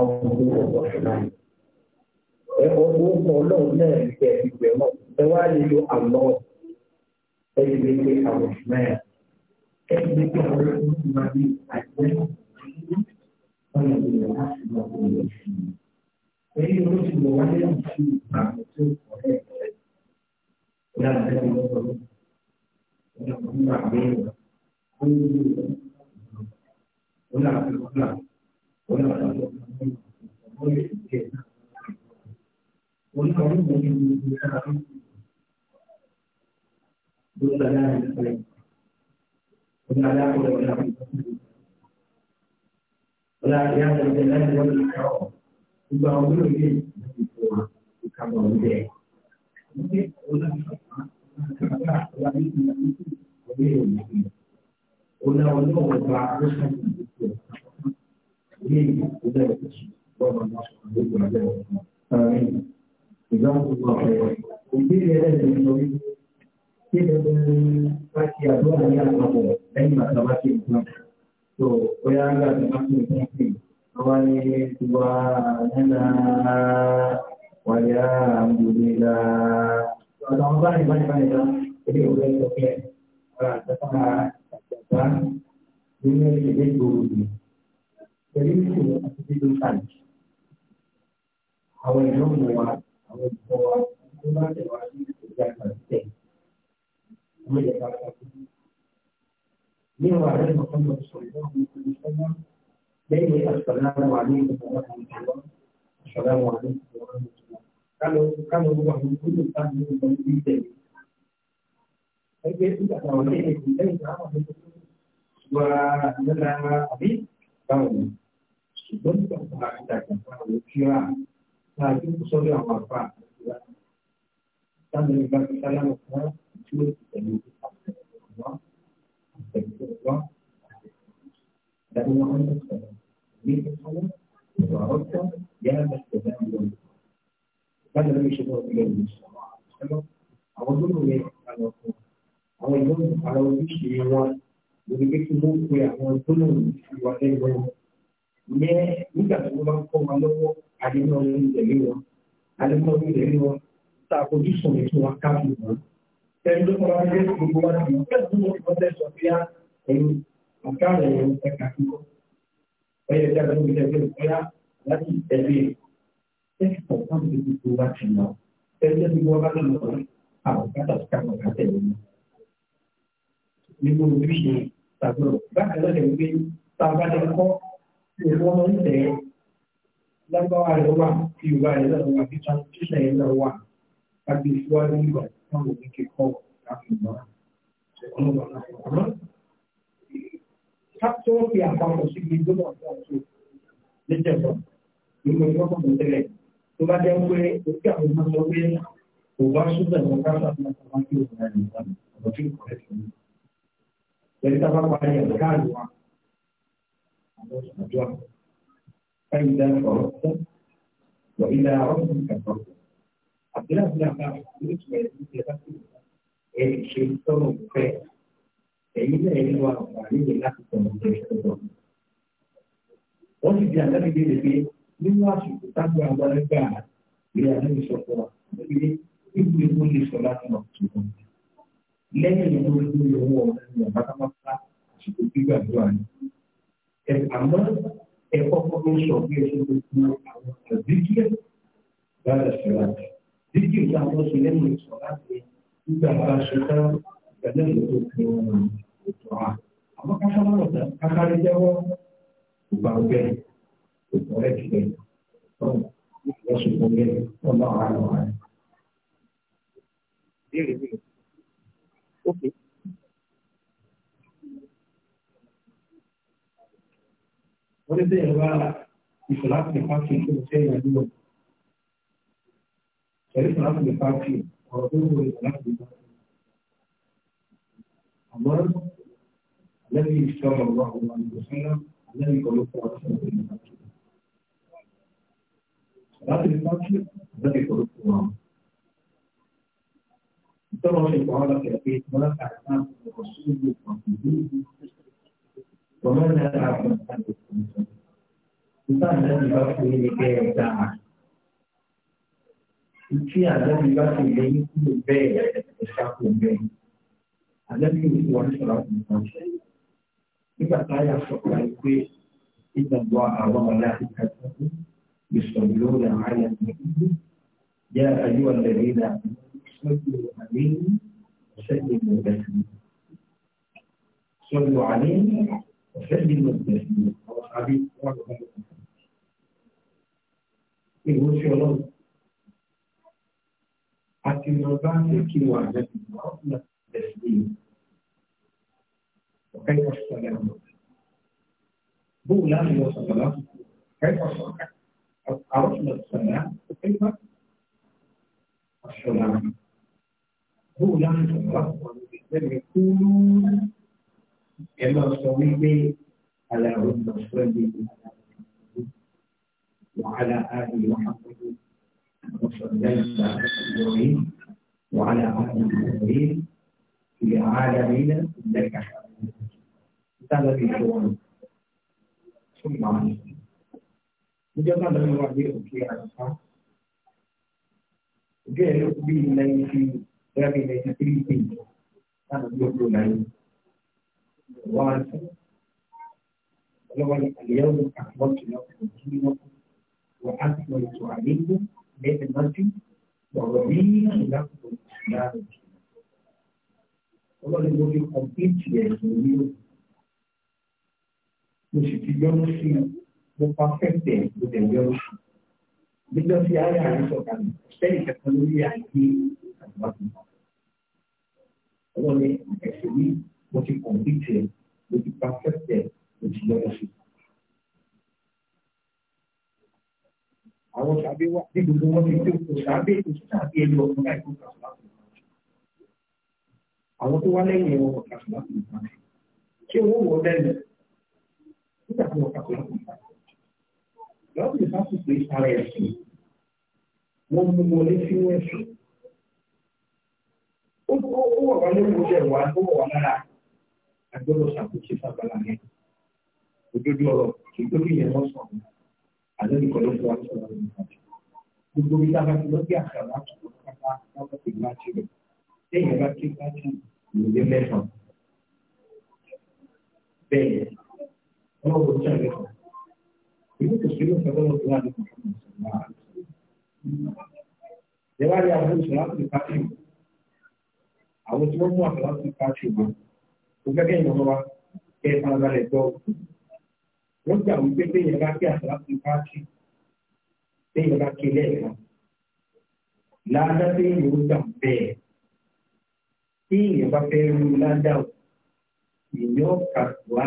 àwọn ọmọdé ẹ ọdún ọkọ ọlọ́run náà ń bẹ ìgbẹ́ ẹ wá lè lo àlọ́ ẹ lè lè pe àwọn ìṣúná ẹ lè pe àwọn ìṣúná bí àìsàn wọn lè lè láti lọ sí ilé ìṣúná. èyí ló ti lọ wáyé àti ìgbàgbọ́ tó kọ̀ ẹ́ láti ẹ̀ lọ́wọ́ ìjọba àgbẹ̀yẹ̀wò. Una, una, una, una, ولا يعلم الجلال والإكرام gbogbo àwọn olóògbé yìí ti fò wá ìkàbọ̀ ọ̀dẹ́ ẹ̀. Ọ̀la ọlọ́wọ́ bá ló ṣàkóso ìdíje ọ̀la ọ̀dẹ́ ọ̀dẹ́ ọ̀dẹ́. Ìbéèrè rẹ̀ ló ń sọ wípé kí ló ń bá ti àdúrà ní àpapọ̀ lẹ́yìn bàtà bá ti nǹkan. Tó bóyá ń gbà tó bá ti nǹkan sí i, wọ́n ní tiwa nínà wàyà àmúlélá. Ọ̀dọ̀ àwọn báyìí báyìí báyìí dá, èdè òwe àwọn ìlú wa àwọn ìfọ wa tó bá tẹ̀ wá sí ìjà ìgbàlódé àwọn ìjọba àgbàdo. ní ìwà rẹ̀ lọ́kàn lọ sọ̀rọ̀ náà ní ìlú sọ́nà lẹ́yìn àṣàlá wà ní ìlú wa ní ìlú wa àṣàlá wà ní ìlú wa ní ìlú wa. kálọ̀ kálọ̀ wà ní ìlú wa ní ìlú wa ní ìlú wa. ẹgbẹ́ ìgbà táwọn ẹ̀yẹ kò lẹ́yìn táwọn ọ̀dọ́ tó wà nílá àbí báwọn ṣùgbọ́n náà itu n kò sọ́dọ̀ àwọn àgbà àtàkùnrin láti lè gba ti sálámù fún tí ó ti tẹ̀lé ojú àtẹ̀wọ́ àtẹ̀wọ́ àtẹ̀wọ́ àtẹ̀wọ́ àtẹ̀wọ́ ní ìfọwọ́ ìwà ọ̀tọ̀ yára bá tẹ̀lé àwọn ọ̀dọ́ láti lè ṣe bọ́ọ̀ ilé ìlú sọ̀rọ̀ àwọn tó lò yẹ àlọ́ fún àwọn yẹn nígbà tí wọ́n bá kọ́ wọn lọ́wọ́ àdéhùn ọ̀rẹ́ ìtẹ̀lé wọn àdéhùn ọ̀rẹ́ ìtẹ̀lé wọn tá a fojú sùn ètò wa káfí wọn. ẹni tó kọ́ra ẹgbẹ́ tó gbogbo wa ti mọ̀ fẹ́ẹ̀ tó mọ̀ fọ́n tẹ̀sán fi á ẹ̀yìn àkàrà ẹ̀yìn ẹ̀ka kíkọ́. ẹ̀yẹ ẹ̀ka tó gbé ẹgbẹ́ ìfọ́yà láti tẹ̀lé ẹ̀kọ́ fún ìdíje wa ti mọ̀ ẹgbẹ́ tó gbogbo wa bá lọ́wọ́ àwọn kátàkátà nínú oríṣi tàbí bákan náà lè gbé tá a bá lè kọ́ wọ́n máa ń tẹ̀ ẹ́ lágbára rẹ̀ wà kí yorùbá rẹ̀ lọ́wọ́ wà kí transition rẹ̀ lọ́wọ́ wà kábí ìfúwájú ìgbà wọn kò ní kíkọ́ àfihàn ọlọ́wọ́ àfihàn. Kápítọ́ fi àpapọ̀ sí ibi gbọ́dọ̀ àwọn ọ̀ṣọ́ lẹ́jẹ̀bọ̀ ìmọ̀ ìfọ́kọ̀ tó tẹ̀lé tó bá jẹ́ pé òkè àwọn ọmọ sọ pé kò bá ṣúgbọ́n ẹ̀wọ̀n káṣá fún ọkọ̀ wọn kí òkè àyè ìgbà ọ̀dọ̀ tí kò rẹ̀ sí. Ẹ̀rí tá a bá parí ẹ̀ وجوع فإذا فرغت وإلى ربك فرغت عبد الله بن عباس يسمع الشيطان فيه فإذا يلوى عليه الأخذ من الشيطان wọ́n ti di àtẹ́bí dé lèpe nínú àsìkò tágbà agbára gbà ilé àtẹ́bí sọ̀tọ̀ àtẹ́bí dé níbi ewu lè sọ láti lọ tuntun. lẹ́yìn ìlú orí lórí owó ọ̀rẹ́ ní àmọ́ ẹ kọ́kọ́ ń sọ bí ẹ ṣe lè fún àwọn àdìgíyẹ lára ṣẹlá dígí ìyá wọn ṣe lẹ́nu ìsọ̀ láti nígbà bá ṣe tán ìgbàlẹ́ ìlú òkè wọn ètò wa àmọ́ kásámọ́nà tán kákárí ti bẹ̀rẹ̀ tán ìgbà ṣe kò gbẹ tán náà wà wọ́n dé bẹ́ẹ̀ wá ìfọ̀láfì nípa fi kí mo fẹ́ ìyàlú wọn. Ṣẹ̀rí ìfọ̀láfì nípa fi ọ̀rọ̀ tó ń wọ ìfọ̀láfì nípa fi. Àmọ́ lẹ́yìn ìṣọ́rọ̀ ọ̀rọ̀ àwọn àlùfẹ́lá lẹ́yìn ìkọlùkọ́ ọ̀rọ̀ ìfọ̀láfì nípa fi. Ìfọ̀láfì nípa fi lẹ́yìn ìkọlùkọ́ ọ̀rọ̀. Ìtọ́rọ̀ ṣe kọ́ ọ́ lọ́kẹ̀ẹ́ pé wọ́n láti àìsàn ومن أعلم Ìgbà àdáni bá fi lè kẹ́ ẹ dáa. Ìtí àdáni bá fi lè yí kúrò bẹ́ẹ̀ ìṣàkó bẹ́ẹ̀. Àdáni yóò fi wọ́n sọ̀rọ̀ àwọn nǹkan ṣe. Nígbà táyà sọ̀rọ̀ àìpé ìgbàgbọ́ àwọn aláìka tó kú ìsọ̀rọ̀ lórí àwọn àyàtọ̀ ìlú. Yá ayé wà lẹ́rìí ìlà sọ́jú àlẹ́ sẹ́yìn ìgbà sí. Sọ́jú àlẹ́ فعل المبدأ أو صحابي يقول شو إيه الله حتى لو بعد كي وعدت قبل التسليم وكيف الصلاة بولا هي صلاة كيف الصلاة عرفنا السلام وكيف الصلاة بولا هي صلاة ولم يكونوا ẹ lọ sọ wípé aláwọ ìgbàsọ ní وعلى آل محمد وسلمت على إبراهيم وعلى آل إبراهيم في العالمين إنك حميد هذا في شؤون ثم عليه ìjọba lọ́nà wà ní òkè àlùfá ojú ẹ̀ ló bí nineteen thirty nineteen three days láti bí ó kúrò láyé. وعلى اليوم أكملت لكم دينكم وأكملت عليكم نعمتي ورضيت لكم الإسلام Ọlọ́run ló fi kọ̀m̀pìtì ẹ̀sùn ní o. Mo sì ti yọ́nú sí i, mo pa fẹ́fẹ́ mo dẹ̀ yọ́nú sí i. Nígbà tí ayé àárín sọ̀kalẹ̀, sẹ́yìn kẹta lórí ayé àgbàdo. Ọlọ́run ẹ̀sùn yìí convict ẹ ló ti perfect ẹ ló ti yọ ọ sí. àwọn sàbẹ wà ní gbogbo wọn ti tó kò sàbẹ kò sàbẹ ẹ lọ fún láì kó kà sùn láti nìkan. àwọn tó wá lẹ́yìn ẹ̀wọ̀n kò kà sùn láti nìkan. ṣé wọ́n wọ lẹ́nu nígbà tí wọ́n kà sùn láti nìkan. lọ́wọ́ ti sáfù pé ara ẹ̀sìn wọ́n mú wọlé sínú ẹ̀sìn. ó wọ̀ wá lórí ojú ẹ̀wà ó wọ̀ wá lára agbọ́dọ̀ ṣàkóso sábàlá yẹn òdodo ọ̀rọ̀ kí tó fi yẹn lọ sọ̀rọ̀ àlẹ́ nìkan ló fi wá sọ̀rọ̀ rẹ̀ nípa jù gbogbo bí tá a bá ti lọ́ọ́ bí àṣà láti lọ kápá láwọn ti gbá ti rẹ̀ lẹ́yìn bá ti gbá ti ìròyìn mẹ́fàn bẹ́ẹ̀ wọ́n wò ó sàlẹ̀ kan ìlú kò sí lóṣù tó lọ́ọ́ tó wà ní kòkòrò ìṣẹ̀lá ìwádìí àwọn oṣù láti pàṣẹ àwọn tí wọ́n mú àṣà láti pàṣẹ wọn kò fẹ́ kẹ́yìn ọmọ wa kẹ́ ẹ farabalẹ̀ gbọ́. wọ́n gbà wípé téèyàn bá kí àṣà láti bá kí téèyàn bá kí lẹ́ẹ̀kan láàdá téèyàn ó gbà bẹ́ẹ̀ téèyàn bá fẹ́ rú ládà ò èèyàn kà wá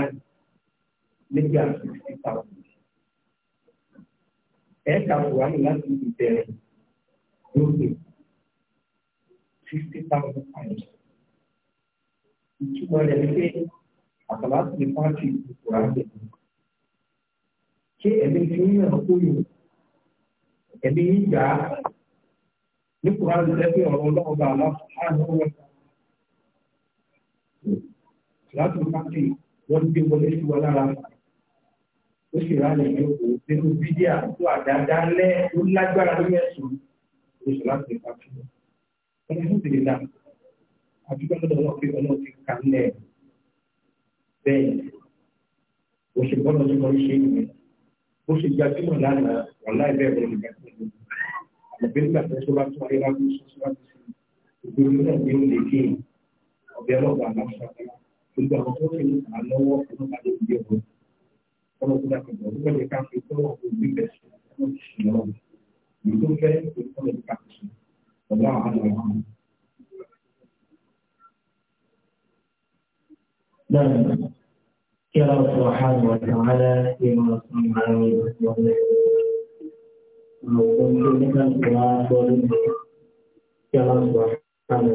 nígbà fifty thousand ẹ kà wá láti ìbẹ̀rẹ̀ lókè fifty thousand times ìtumọ̀ rẹ̀ ni pé àtàlà ti di pàtì ìkura rẹ̀. Ṣé ẹ̀mí tí ó yàn kó yò? Ẹ̀mí yín gbà á. Ní kura rẹ̀ lẹ́gbẹ̀ẹ́ ọ̀rọ̀ ọlọ́run bá aláṣọ àánú rẹ̀. Láti pàtì wọ́n gbé wọlé sí wa lára. Ó sì rà lè yọ òun nínú fídíà tó àdáadáa lẹ́ ó lágbára lórí ẹ̀sùn. Ó sì láti pàtì. Wọ́n ti fún ìdílé náà àdúgbò lọ́dọ̀ náà pé ọlọ́run ti kà ń lẹ̀ bẹ́ẹ̀ bó ṣe gbọ́dọ̀ tó kọrí ṣe ìwé bó ṣe gbajúmọ̀ lánàá wàhálà ẹ̀bẹ̀ ẹ̀rọ ìgbà tó ń lò àgbẹ̀ nígbà tó tó bá tó ayé wá tó sọ síwájú sí ìgboro náà ní òun lè ké ọ̀bẹ ọlọ́gbà aláṣà gbogbo àwọn tó ṣe àlọ́wọ́ ọlọ́gbà ló ń gbé ọ̀rọ̀ ọlọ́gbà dàpọ̀ ọ̀gbọ́n lè ká fi tó ọ̀gbọ́n gbé bẹ̀rẹ̀ sí ọ̀gbọ́n ti ṣì lọ́wọ́ ìgbó fẹ́ ìgbó lè ká fi sùn ọ̀gbọ́n àwọn àwọn نعم يا رب سبحانه وتعالى فيما صنع وممكن أن يكون يا رب سبحانه